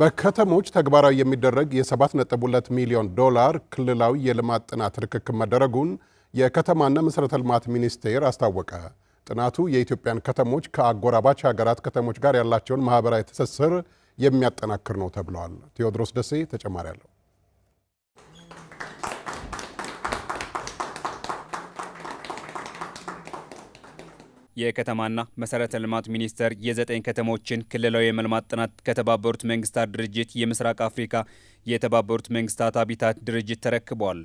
በከተሞች ተግባራዊ የሚደረግ የ7.2 ሚሊዮን ዶላር ክልላዊ የልማት ጥናት ርክክብ መደረጉን የከተማና መሠረተ ልማት ሚኒስቴር አስታወቀ። ጥናቱ የኢትዮጵያን ከተሞች ከአጎራባች ሀገራት ከተሞች ጋር ያላቸውን ማኅበራዊ ትስስር የሚያጠናክር ነው ተብለዋል። ቴዎድሮስ ደሴ ተጨማሪ አለው። የከተማና መሰረተ ልማት ሚኒስቴር የዘጠኝ ከተሞችን ክልላዊ የመልማት ጥናት ከተባበሩት መንግስታት ድርጅት የምስራቅ አፍሪካ የተባበሩት መንግስታት አቢታት ድርጅት ተረክቧል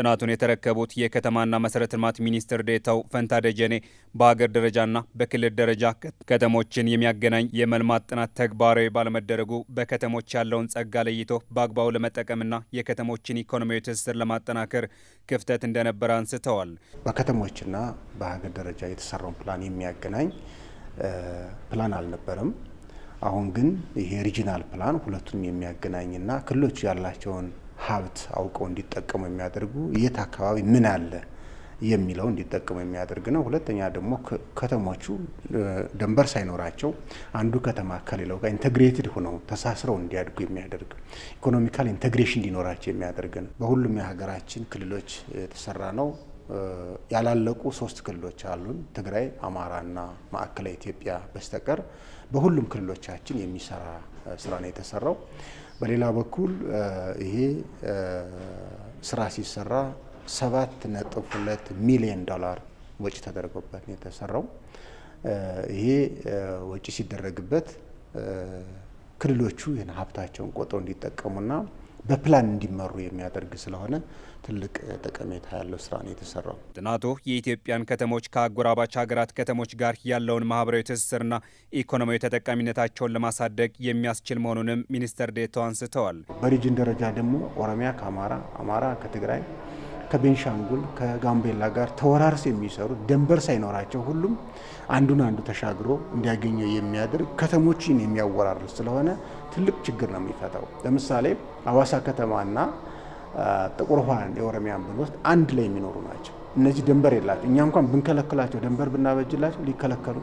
ጥናቱን የተረከቡት የከተማና መሰረተ ልማት ሚኒስትር ዴታው ፈንታ ደጀኔ በሀገር ደረጃና በክልል ደረጃ ከተሞችን የሚያገናኝ የመልማት ጥናት ተግባራዊ ባለመደረጉ በከተሞች ያለውን ጸጋ ለይቶ በአግባቡ ለመጠቀምና የከተሞችን ኢኮኖሚያዊ ትስስር ለማጠናከር ክፍተት እንደነበረ አንስተዋል። በከተሞችና በሀገር ደረጃ የተሰራውን ፕላን የሚያገናኝ ፕላን አልነበረም። አሁን ግን ይሄ ሪጂናል ፕላን ሁለቱም የሚያገናኝና ክልሎች ያላቸውን ሀብት አውቀው እንዲጠቀሙ የሚያደርጉ የት አካባቢ ምን አለ የሚለው እንዲጠቀሙ የሚያደርግ ነው። ሁለተኛ ደግሞ ከተሞቹ ደንበር ሳይኖራቸው አንዱ ከተማ ከሌላው ጋር ኢንተግሬትድ ሆነው ተሳስረው እንዲያድጉ የሚያደርግ ኢኮኖሚካል ኢንተግሬሽን እንዲኖራቸው የሚያደርግ ነው። በሁሉም የሀገራችን ክልሎች የተሰራ ነው። ያላለቁ ሶስት ክልሎች አሉን፣ ትግራይ፣ አማራና ማዕከላዊ ኢትዮጵያ በስተቀር በሁሉም ክልሎቻችን የሚሰራ ስራ ነው የተሰራው። በሌላ በኩል ይሄ ስራ ሲሰራ ሰባት ነጥብ ሁለት ሚሊዮን ዶላር ወጪ ተደርጎበት ነው የተሰራው። ይሄ ወጪ ሲደረግበት ክልሎቹ ይህን ሀብታቸውን ቆጠው እንዲጠቀሙና በፕላን እንዲመሩ የሚያደርግ ስለሆነ ትልቅ ጠቀሜታ ያለው ስራ ነው የተሰራው። ጥናቱ የኢትዮጵያን ከተሞች ከአጎራባች ሀገራት ከተሞች ጋር ያለውን ማህበራዊ ትስስርና ኢኮኖሚያዊ ተጠቃሚነታቸውን ለማሳደግ የሚያስችል መሆኑንም ሚኒስተር ዴታው አንስተዋል። በሪጅን ደረጃ ደግሞ ኦሮሚያ ከአማራ፣ አማራ ከትግራይ ከቤንሻንጉል ከጋምቤላ ጋር ተወራርስ የሚሰሩ ደንበር ሳይኖራቸው ሁሉም አንዱን አንዱ ተሻግሮ እንዲያገኘው የሚያደርግ ከተሞችን የሚያወራርስ ስለሆነ ትልቅ ችግር ነው የሚፈታው። ለምሳሌ አዋሳ ከተማና ጥቁር ውሃን የኦሮሚያን ብንወስድ አንድ ላይ የሚኖሩ ናቸው። እነዚህ ደንበር የላቸው። እኛ እንኳን ብንከለክላቸው፣ ደንበር ብናበጅላቸው ሊከለከሉ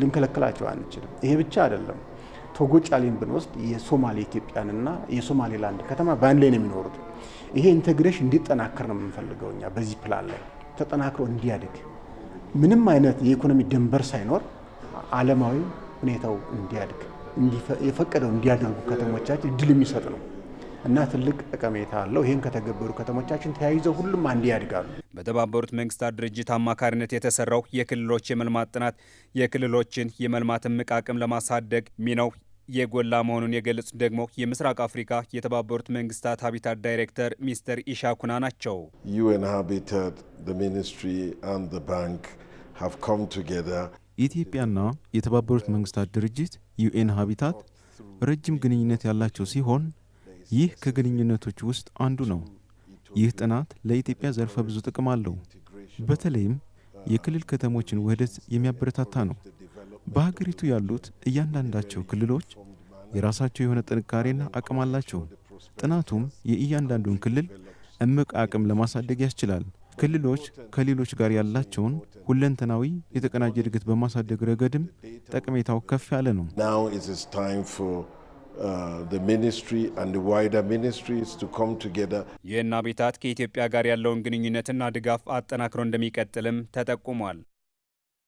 ልንከለክላቸው አንችልም። ይሄ ብቻ አይደለም። ቶጎ ብንወስድ የሶማሌ ኢትዮጵያንና የሶማሌላንድ ከተማ በአንድ ላይ ነው የሚኖሩት። ይሄ ኢንቴግሬሽን እንዲጠናከር ነው የምንፈልገው እኛ በዚህ ፕላን ላይ ተጠናክሮ እንዲያድግ ምንም አይነት የኢኮኖሚ ድንበር ሳይኖር አለማዊ ሁኔታው እንዲያድግ የፈቀደው እንዲያደርጉ ከተሞቻችን እድል የሚሰጥ ነው እና ትልቅ ጠቀሜታ አለው። ይህን ከተገበሩ ከተሞቻችን ተያይዘው ሁሉም አንድ ያድጋሉ። በተባበሩት መንግስታት ድርጅት አማካሪነት የተሰራው የክልሎች የመልማት ጥናት የክልሎችን የመልማት እምቅ አቅም ለማሳደግ ሚናው የጎላ መሆኑን የገለጹት ደግሞ የምስራቅ አፍሪካ የተባበሩት መንግስታት ሀቢታት ዳይሬክተር ሚስተር ኢሻኩና ናቸው። ዩኤን ሀቢታት ሚኒስትሪ አንድ ባንክ ሃቭ ኮም ቱጌዘር ኢትዮጵያና የተባበሩት መንግስታት ድርጅት ዩኤን ሀቢታት ረጅም ግንኙነት ያላቸው ሲሆን ይህ ከግንኙነቶች ውስጥ አንዱ ነው። ይህ ጥናት ለኢትዮጵያ ዘርፈ ብዙ ጥቅም አለው። በተለይም የክልል ከተሞችን ውህደት የሚያበረታታ ነው። በሀገሪቱ ያሉት እያንዳንዳቸው ክልሎች የራሳቸው የሆነ ጥንካሬና አቅም አላቸው። ጥናቱም የእያንዳንዱን ክልል እምቅ አቅም ለማሳደግ ያስችላል። ክልሎች ከሌሎች ጋር ያላቸውን ሁለንተናዊ የተቀናጀ እድገት በማሳደግ ረገድም ጠቀሜታው ከፍ ያለ ነው። ዩኤን uh, ከኢትዮጵያ ጋር ያለውን ግንኙነትና ድጋፍ አጠናክሮ እንደሚቀጥልም ተጠቁሟል።